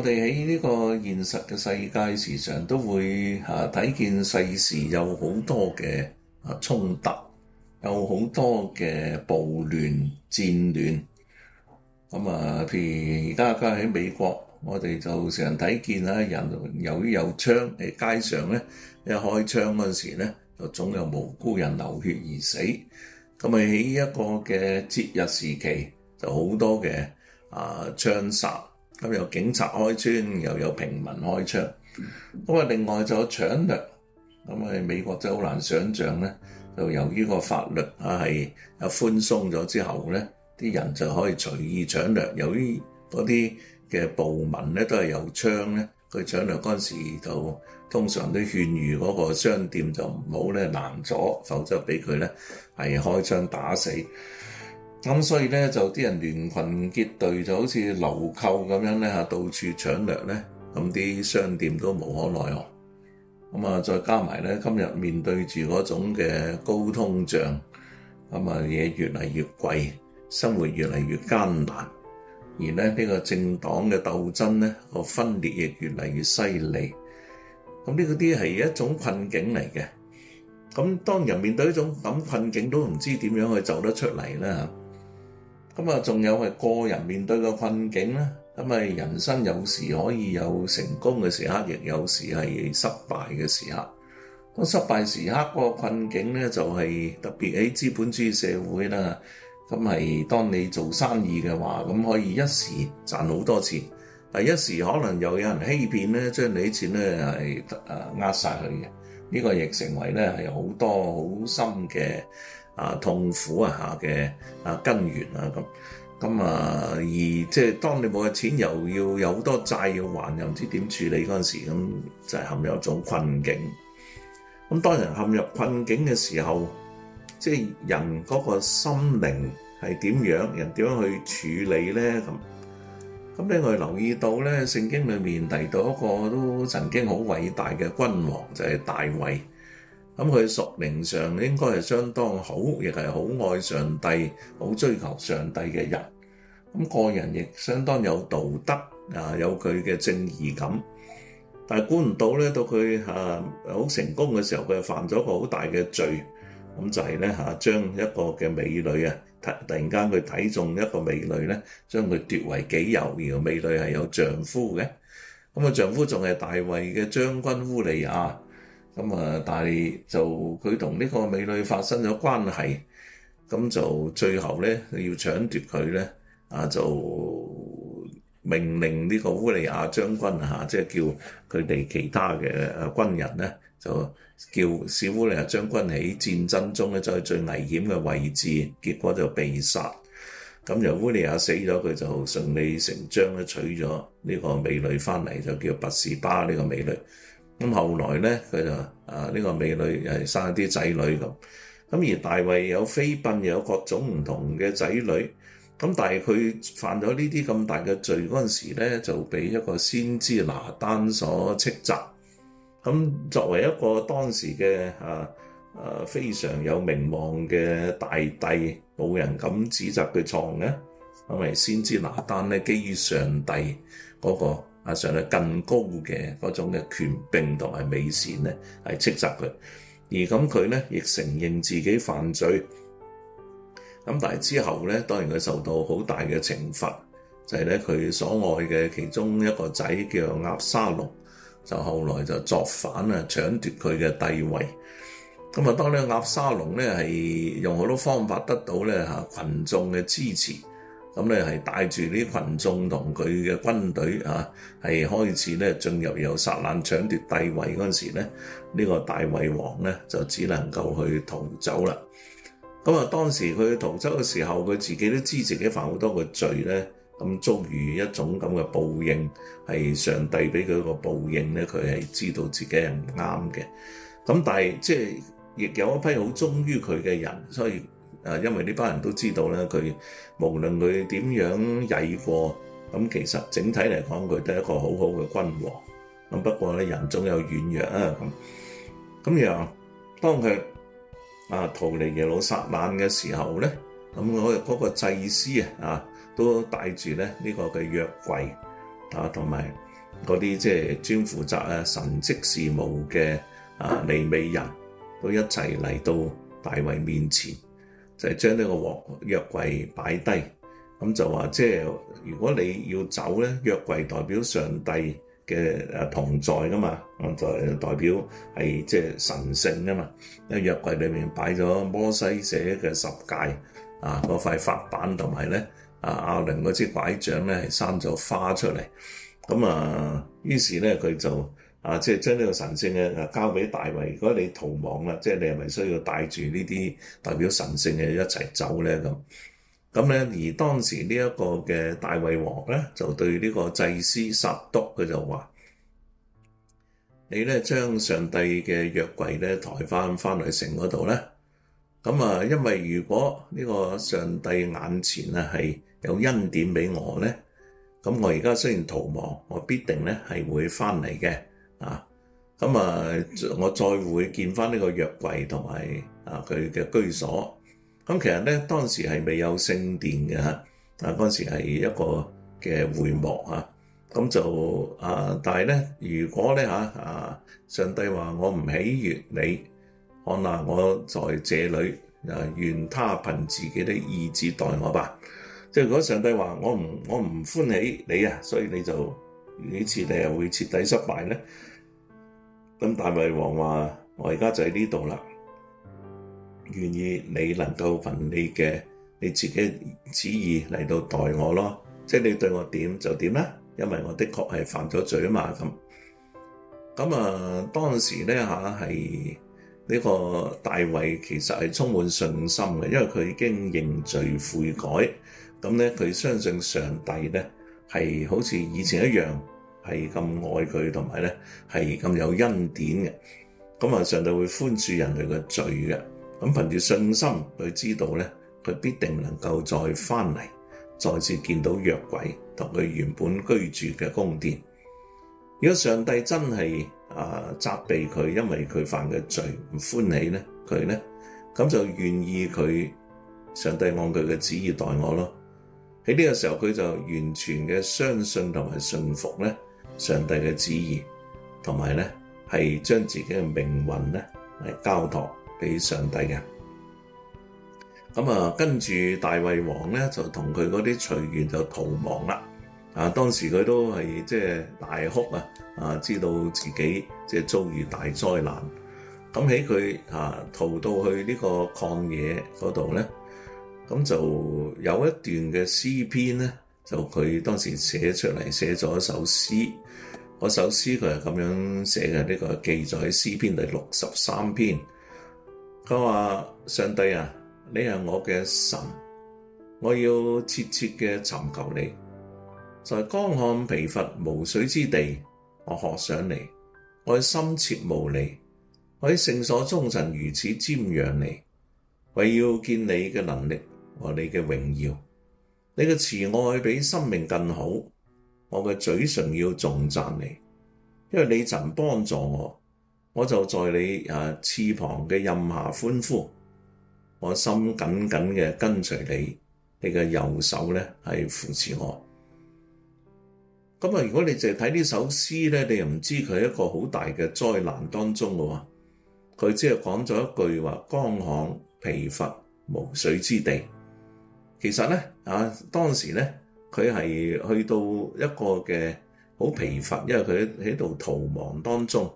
我哋喺呢個現實嘅世界，時常都會啊睇見世事，有好多嘅啊衝突，有好多嘅暴亂戰亂。咁啊，譬如而家家喺美國，我哋就成日睇見啊，人由於有槍喺街上咧，一開槍嗰時咧，就總有無辜人流血而死。咁啊，喺一個嘅節日時期，就好多嘅啊槍殺。咁有警察開槍，又有平民開槍。咁啊，另外就有搶掠。咁啊，美國就好難想像咧。就由於個法律啊係啊寬鬆咗之後咧，啲人就可以隨意搶掠。由於嗰啲嘅暴民咧都係有槍咧，佢搶掠嗰陣時就通常都勸喻嗰個商店就唔好咧攔阻，否則俾佢咧係開槍打死。咁所以咧就啲人聯群結隊，就好似流寇咁樣咧嚇，到處搶掠咧，咁啲商店都無可奈何。咁啊，再加埋咧，今日面對住嗰種嘅高通脹，咁啊嘢越嚟越貴，生活越嚟越艱難。而咧呢個政黨嘅鬥爭咧，個分裂亦越嚟越犀利。咁呢嗰啲係一種困境嚟嘅。咁當人面對一種咁困境，都唔知點樣去走得出嚟啦嚇。咁啊，仲有係個人面對嘅困境啦。咁啊，人生有時可以有成功嘅時刻，亦有時係失敗嘅時刻。咁失敗時刻個困境咧，就是，就係特別喺資本主義社會啦。咁係當你做生意嘅話，咁可以一時賺好多錢，但一時可能又有人欺騙咧，將你啲錢咧係誒呃曬佢嘅。呢、這個亦成為咧係好多好深嘅。啊痛苦啊，嚇嘅啊根源啊。咁咁啊而即係當你冇嘅錢，又要有好多債要還，又唔知點處理嗰陣時，咁就陷入一種困境。咁當人陷入困境嘅時候，即係人嗰個心靈係點樣？人點樣去處理咧？咁咁咧，你會留意到咧，聖經裏面提到一個都曾經好偉大嘅君王，就係大衛。咁佢嘅屬靈上應該係相當好，亦係好愛上帝、好追求上帝嘅人。咁個人亦相當有道德啊，有佢嘅正義感。但係估唔到咧，到佢嚇好成功嘅時候，佢又犯咗個好大嘅罪。咁就係咧嚇，將一個嘅美女啊，突突然間佢睇中一個美女咧，將佢奪為己有。而個美女係有丈夫嘅，咁個丈夫仲係大衛嘅將軍烏利亞。咁啊、嗯！但係就佢同呢個美女發生咗關係，咁就最後咧要搶奪佢咧，啊就命令呢個烏利亞將軍嚇、啊，即係叫佢哋其他嘅、啊、軍人咧，就叫小烏利亞將軍喺戰爭中咧就去、係、最危險嘅位置，結果就被殺。咁由烏利亞死咗，佢就順理成章咧娶咗呢個美女翻嚟，就叫拔士巴呢個美女。咁後來咧，佢就啊呢、這個美女又生啲仔女咁。咁而大衛有妃嬪，又有各種唔同嘅仔女。咁但係佢犯咗呢啲咁大嘅罪嗰陣時咧，就俾一個先知拿單所斥責。咁、啊、作為一個當時嘅啊啊非常有名望嘅大帝，冇人敢指責佢錯嘅，因、啊、為先知拿單咧，基於上帝嗰、那個。加上咧更高嘅嗰種嘅權柄同埋美善咧，係斥責佢。而咁佢咧亦承認自己犯罪。咁但係之後咧，當然佢受到好大嘅懲罰，就係咧佢所愛嘅其中一個仔叫押沙龍，就後來就作反啊，搶奪佢嘅帝位。咁啊，當呢個押沙龍咧係用好多方法得到咧嚇羣眾嘅支持。咁咧係帶住啲群眾同佢嘅軍隊啊，係開始咧進入有撒冷搶奪帝位嗰陣時咧，呢個大衛王咧就只能夠去逃走啦。咁啊，當時佢逃走嘅時候，佢自己都知自己犯好多嘅罪咧，咁遭遇一種咁嘅報應，係上帝俾佢個報應咧，佢係知道自己係唔啱嘅。咁但係即係亦有一批好忠於佢嘅人，所以。啊，因為呢班人都知道呢，佢無論佢點樣偽過，咁其實整體嚟講，佢都係一個好好嘅君王。不過咧，人總有軟弱啊。咁樣，當佢、啊、逃離耶路撒冷嘅時候呢，咁我嗰個祭司啊，都帶住呢、這個嘅約櫃啊，同埋嗰啲即係專負責神職事務嘅啊利未人都一齊嚟到大衛面前。就係將呢個鑊約櫃擺低，咁就話即係如果你要走咧，約櫃代表上帝嘅誒同在噶嘛，代代表係即係神性噶嘛。因、啊、為約櫃裏面擺咗摩西寫嘅十戒啊，嗰塊法版同埋咧啊亞倫嗰支拐杖咧係生咗花出嚟，咁啊於是咧佢就。啊！即係將呢個神聖嘅啊交俾大衛。如果你逃亡啦，即係你係咪需要帶住呢啲代表神聖嘅一齊走咧？咁咁咧，而當時呢一個嘅大衛王咧，就對呢個祭司撒督，佢就話：你咧將上帝嘅約櫃咧抬翻翻去城嗰度咧。咁啊，因為如果呢個上帝眼前啊係有恩典俾我咧，咁我而家雖然逃亡，我必定咧係會翻嚟嘅。啊，咁啊，我再會見翻呢個約櫃同埋啊佢嘅、啊、居所。咁、啊、其實咧，當時係未有聖殿嘅㗎，啊嗰時係一個嘅會幕嚇。咁就啊，但係咧，如果咧嚇啊，上帝話我唔喜悅你，我那我在這裡啊，願他憑自己的意志待我吧。即、啊、係如果上帝話我唔我唔歡喜你啊，所以你就次你又底會徹底失敗咧。咁大衛王話：我而家就喺呢度啦，願意你能夠憑你嘅你自己旨意嚟到待我咯，即係你對我點就點啦，因為我的確係犯咗罪嘛。咁咁啊，當時咧嚇係呢、啊呢個大衛其實係充滿信心嘅，因為佢已經認罪悔改，咁咧佢相信上帝呢係好似以前一樣。係咁愛佢，同埋咧係咁有恩典嘅。咁、嗯、啊上帝會寬恕人類嘅罪嘅。咁憑住信心，佢知道咧佢必定能夠再翻嚟，再次見到約櫃同佢原本居住嘅宮殿。如果上帝真係啊、呃、責備佢，因為佢犯嘅罪唔歡喜咧，佢咧咁就願意佢上帝按佢嘅旨意待我咯。喺呢個時候佢就完全嘅相信同埋信服咧，上帝嘅旨意，同埋咧係將自己嘅命運咧交託俾上帝嘅。咁啊，跟住大衛王呢就同佢嗰啲隨員就逃亡啦。啊，當時佢都係即係大哭啊！啊，知道自己即係遭遇大災難。咁喺佢逃到去這個曠野那裡，呢個曠野嗰度咧，咁就有一段嘅詩篇咧。就佢當時寫出嚟寫咗一首詩，嗰首詩佢係咁樣寫嘅，呢、這個記載喺詩篇第六十三篇。佢話：上帝啊，你係我嘅神，我要切切嘅尋求你，在乾旱疲乏無水之地，我渴想你，我心切慕你，我喺聖所中曾如此瞻仰你，為要見你嘅能力和你嘅榮耀。你嘅慈愛比生命更好，我嘅嘴唇要頌讚你，因為你曾幫助我，我就在你啊翅膀嘅蔭下歡呼，我心緊緊嘅跟隨你，你嘅右手呢係扶持我。咁啊，如果你淨係睇呢首詩呢，你又唔知佢喺一個好大嘅災難當中嘅話，佢只係講咗一句話：乾旱疲乏無水之地。其實咧，啊當時咧，佢係去到一個嘅好疲乏，因為佢喺度逃亡當中，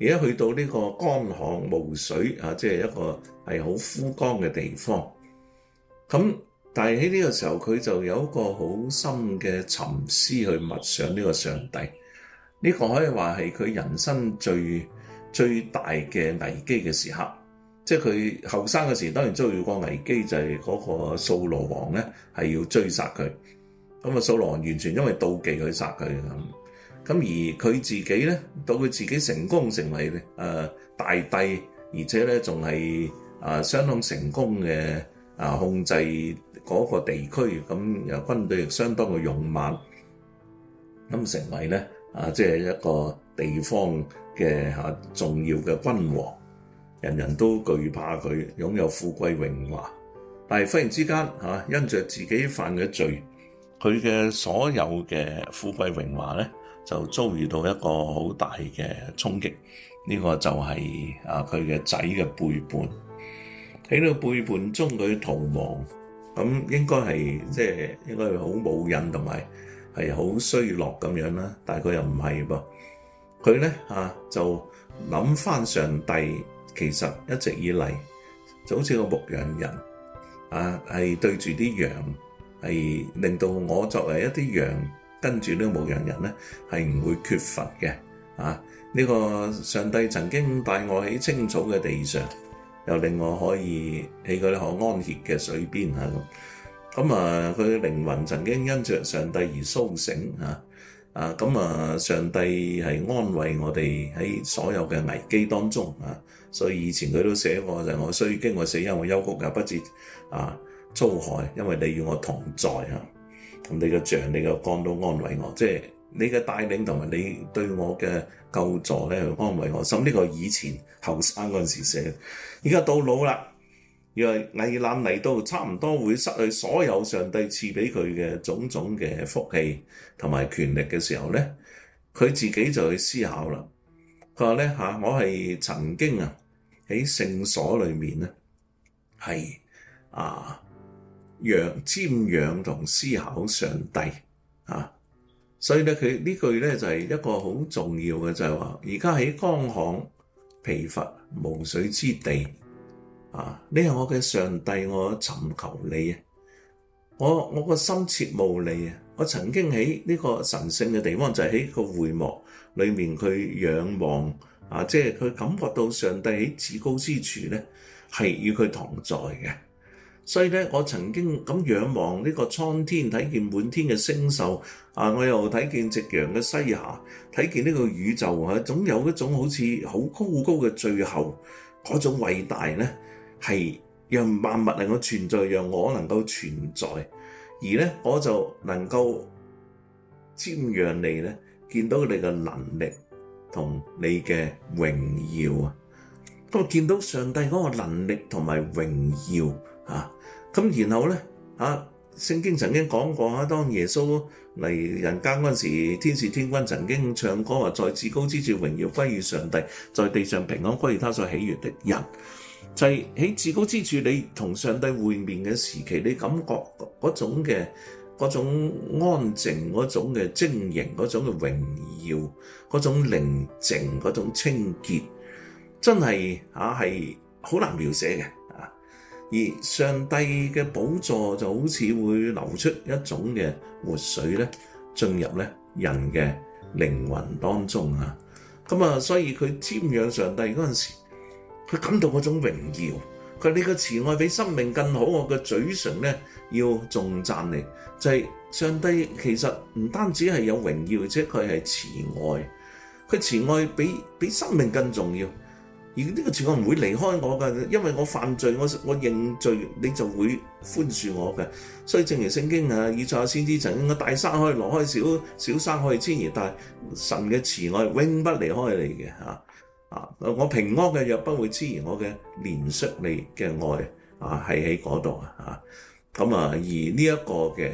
而家去到呢個乾旱無水啊，即係一個係好枯乾嘅地方。咁，但係喺呢個時候，佢就有一個好深嘅沉思去默想呢個上帝。呢個可以話係佢人生最最大嘅危機嘅時刻。即係佢後生嘅時候，當然遭遇過危機，就係、是、嗰個掃羅王咧，係要追殺佢。咁、嗯、啊，掃羅王完全因為妒忌佢殺佢咁。咁、嗯、而佢自己咧，到佢自己成功成為誒、呃、大帝，而且咧仲係啊相當成功嘅啊控制嗰個地區，咁、嗯、又軍隊亦相當嘅勇猛，咁、嗯、成為咧啊即係一個地方嘅嚇、啊、重要嘅君王。人人都懼怕佢，擁有富貴榮華，但係忽然之間嚇、啊，因着自己犯嘅罪，佢嘅所有嘅富貴榮華咧，就遭遇到一個好大嘅衝擊。呢、這個就係、是、啊，佢嘅仔嘅背叛，喺呢個背叛中，佢逃亡咁、嗯，應該係即係應該係好冇癮，同埋係好衰落咁樣啦。但係佢又唔係噃，佢咧嚇就諗翻上帝。其實一直以嚟就好似個牧羊人，啊係對住啲羊，係令到我作為一啲羊跟住呢個牧羊人咧係唔會缺乏嘅，啊呢個上帝曾經帶我喺青草嘅地上，又令我可以喺嗰啲可安歇嘅水邊啊咁，咁啊佢嘅靈魂曾經因著上帝而甦醒啊。啊咁啊！上帝係安慰我哋喺所有嘅危機當中啊，所以以前佢都寫過就係、是、我雖經我死蔭我幽谷又不至啊遭害，因為你與我同在啊，同你嘅杖、你嘅竿都安慰我，即係你嘅帶領同埋你對我嘅救助咧去安慰我。咁呢個以前後生嗰陣時寫，而家到老啦。因為危難嚟到，差唔多會失去所有上帝賜畀佢嘅種種嘅福氣同埋權力嘅時候咧，佢自己就去思考啦。佢話咧嚇，我係曾經啊喺聖所裏面咧，係啊瞻仰同思考上帝啊，所以咧佢呢句咧就係、是、一個好重要嘅，就係話而家喺乾旱疲乏無水之地。啊！你係我嘅上帝，我尋求你啊！我我個心切慕你。啊！我曾經喺呢個神聖嘅地方，就係喺個會幕裏面，佢仰望啊，即係佢感覺到上帝喺至高之處咧，係與佢同在嘅。所以咧，我曾經咁仰望呢個蒼天，睇見滿天嘅星宿啊，我又睇見夕陽嘅西下，睇見呢個宇宙啊，總有一種好似好高高嘅最後嗰種偉大咧。係讓萬物能夠存在，讓我能夠存在，而咧我就能夠瞻仰你咧，見到你嘅能力同你嘅榮耀啊！不過見到上帝嗰個能力同埋榮耀啊！咁然後咧啊，聖經曾經講過啊，當耶穌嚟人間嗰陣時，天使天軍曾經唱歌話：在至高之處榮耀歸於上帝，在地上平安歸於他所喜悦的人。就係喺至高之處，你同上帝會面嘅時期，你感覺嗰種嘅、嗰種安靜、嗰種嘅晶瑩、嗰種嘅榮耀、嗰種寧靜、嗰種清潔真係啊係好難描寫嘅啊！而上帝嘅寶座就好似會流出一種嘅活水咧，進入咧人嘅靈魂當中啊！咁啊，所以佢瞻仰上帝嗰陣時。佢感到嗰種榮耀，佢你嘅慈愛比生命更好，我嘅嘴唇咧要重讚你，就係、是、上帝其實唔單止係有榮耀，而且佢係慈愛，佢慈愛比比生命更重要，而呢個慈愛唔會離開我㗎，因為我犯罪，我我認罪，你就會寬恕我嘅，所以正如聖經啊，以賽亞先知曾經，大山可以挪開，小小山可以遷移，但係神嘅慈愛永不離開你嘅嚇。啊！我平安嘅，若不會滋延我嘅憐恤，你嘅愛啊係喺嗰度啊！咁啊，而啊呢一個嘅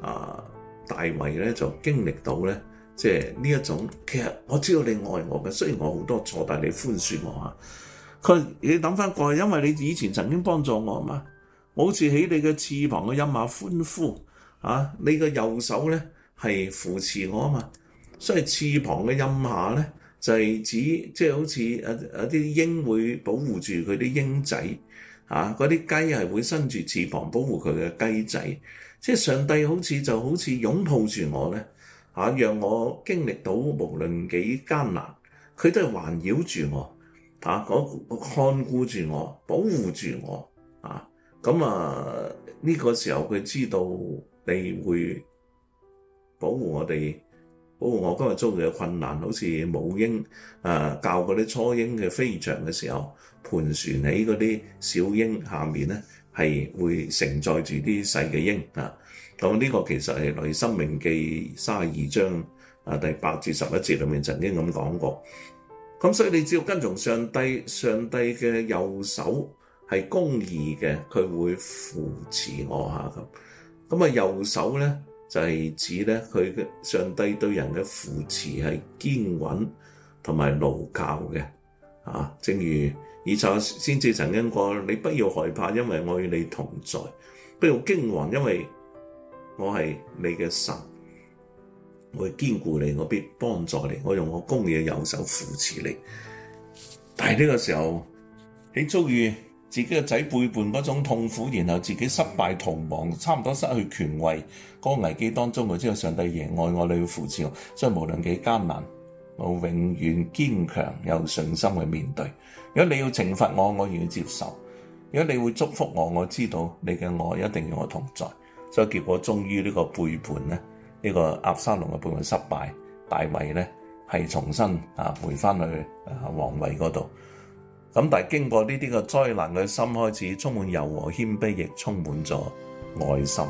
啊大衞咧就經歷到咧，即係呢一種。其實我知道你愛我嘅，雖然我好多錯，但係你寬恕我啊！佢你諗翻過去，因為你以前曾經幫助我啊嘛。我好似喺你嘅翅膀嘅蔭下歡呼啊！你嘅右手咧係扶持我啊嘛，所以翅膀嘅蔭下咧。就係指，即、就、係、是、好似啊啲鷹會保護住佢啲鷹仔，嚇嗰啲雞係會伸住翅膀保護佢嘅雞仔。即係上帝好似就好似擁抱住我咧，嚇、啊、讓我經歷到無論幾艱難，佢都係環繞住我，嚇、啊、看顧住我，保護住我，嚇咁啊呢、啊這個時候佢知道你會保護我哋。好、哦，我今日遭遇嘅困難，好似母鷹誒、啊、教嗰啲初鷹嘅飛翔嘅時候，盤旋喺嗰啲小鷹下面咧，係會承載住啲細嘅鷹啊。咁、這、呢個其實係《申命記》三十二章啊第八至十一節裏面曾經咁講過。咁、啊、所以你只要跟從上帝，上帝嘅右手係公義嘅，佢會扶持我下。咁、啊。咁啊右手咧。就係指呢，佢嘅上帝對人嘅扶持係堅穩同埋牢靠嘅，啊，正如以賽亞先知曾經講過，你不要害怕，因為我與你同在；不要驚惶，因為我係你嘅神，我堅固你，我必幫助你，我用我公義嘅右手扶持你。但係呢個時候，你遭遇自己嘅仔背叛嗰種痛苦，然後自己失敗、逃亡，差唔多失去權位。嗰、那個危機當中，我知道上帝仍愛我，你要扶持我。所以無論幾艱難，我永遠堅強有信心去面對。如果你要懲罰我，我願意接受；如果你會祝福我，我知道你嘅愛一定與我同在。所以結果終於呢個背叛呢呢、這個押沙龍嘅背叛失敗，大衛呢係重新啊回返去啊王位嗰度。咁但係經過呢啲個災難的，佢心開始充滿柔和、謙卑，亦充滿咗愛心。